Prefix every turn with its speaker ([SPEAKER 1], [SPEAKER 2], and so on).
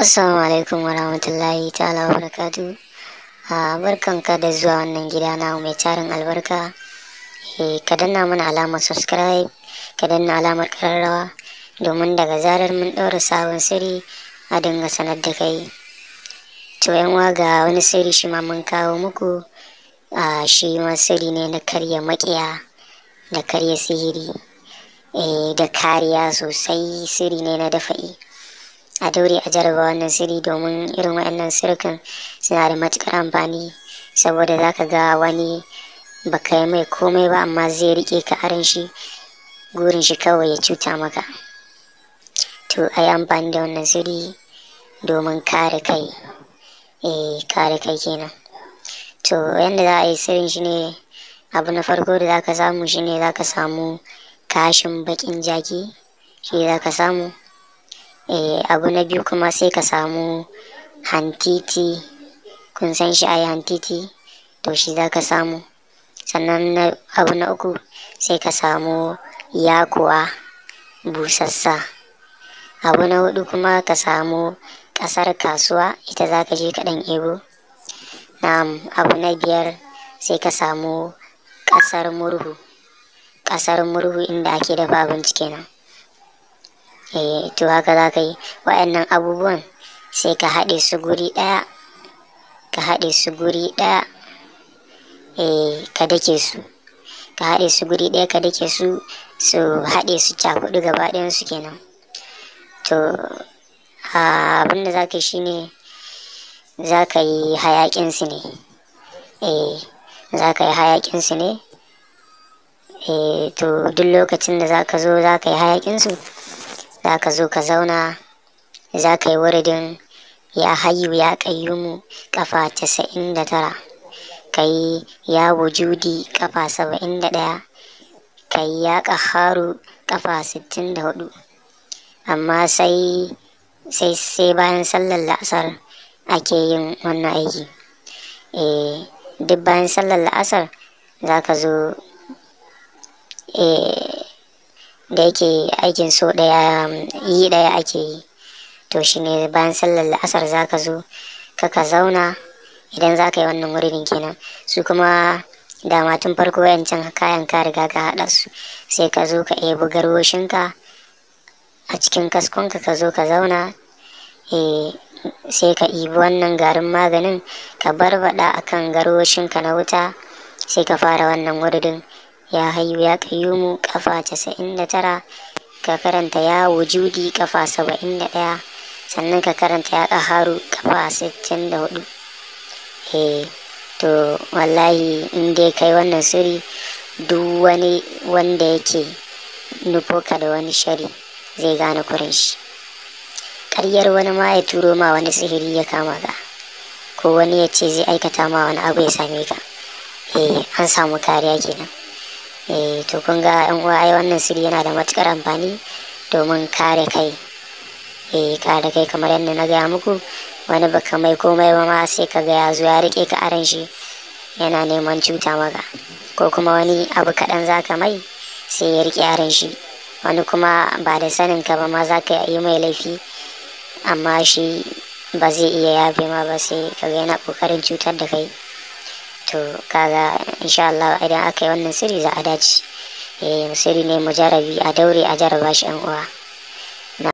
[SPEAKER 1] Assalamu alaikum warahmatullahi ta'ala wabarakatu. A ah, barkanka da zuwa wannan gida na mai tarin albarka. Eh, ka danna mana alamar subscribe, ka danna alamar kararrawa domin daga zarar mun ɗaura sabon sirri a dinga sanar da kai. To yan ga wani sirri shi ma mun kawo muku a shi ma ne na karya makiya da karya sihiri e, da kariya sosai siri ne na dafa'i a daure a jarraba wannan sirri domin irin waɗannan sirkin suna da matuƙar amfani saboda za ka ga wani baka yi mai komai ba amma zai riƙe ka arin shi gurin shi kawai ya cuta maka to a yi amfani da wannan sirri domin kare kai e, kare kai kenan to yadda za a yi sirrin shi ne abu na farko da za ka samu shi ne za ka samu kashin bakin jaki shi za ka samu eh, abu na biyu kuma sai ka samu hantiti kun san shi a yi hantiti to shi za ka samu sannan abu na uku sai ka samu yakuwa busassa abu na hudu kuma ka samu kasar kasuwa ita za ka je kaɗan ebo na'am abu na biyar sai ka samu ƙasar murhu ƙasar murhu inda ake dafa abinci kenan eh to haka za ka yi wa'annan abubuwan sai ka haɗe su guri ɗaya ka haɗe su guri ɗaya eh ka dake su ka haɗe su guri ɗaya ka dake su su haɗe su cakuɗu gaba ɗayan su kenan to ah, abin da za ka yi shine za ka yi hayaƙinsu ne E, za ka yi hayaƙinsu ne E, to duk lokacin da za ka zo za ka yi hayaƙinsu za ka zo ka zauna za ka yi wuridin ya hayu ya ƙayyumu ƙafa casa'in da tara ka yi ya wujudi ƙafa saba'in da ɗaya ka yi ya ƙaharu ƙafa sittin da hudu amma sai sai bayan sallar la'asar ake yin wannan aiki eh duk bayan sallar la'asar za ka zo eh, da yake aikin so ɗaya yi ɗaya ake yi to shi ne bayan sallar la'asar za ka zo ka zauna idan za ka yi wannan wurin kenan su kuma dama tun farko yancan kayan ka riga ka haɗa su sai ka zo ka ebi garwoshinka a cikin kaskonka ka zo ka zauna eh sai ka ibi wannan garin maganin ka barbada a kan ka na wuta sai ka fara wannan wurdin ya hayu ya kayyumu kafa 99 da tara ka karanta ya wujudi kafa saba'in sannan ka karanta ya kaharu kafa sittin da eh, to wallahi in dai kai wannan suri duk wani wanda yake nufoka da wani shari zai gane kurin shi ƙaryar wani ma ya turo ma wani sihiri ya kama ka ko wani ya ce zai aikata ma wani abu ya same ka eh an samu kariya kenan eh to kun ga yan uwa ai wannan sirri yana da matukar amfani domin kare kai eh kare kai kamar yadda na gaya muku wani baka mai komai ba ma sai ka ga ya zo ya rike ka aran shi yana neman cuta maka ko kuma wani abu kaɗan zaka mai sai ya rike aran shi wani kuma ba da sanin ka ba ma zaka yi mai laifi amma shi ba zai iya yafe ma ba sai kaga yana kokarin cutar da kai to kaga insha Allah idan aka yi wannan siri za a dace eh sirri ne mujarabi a daure a jarraba shi yan uwa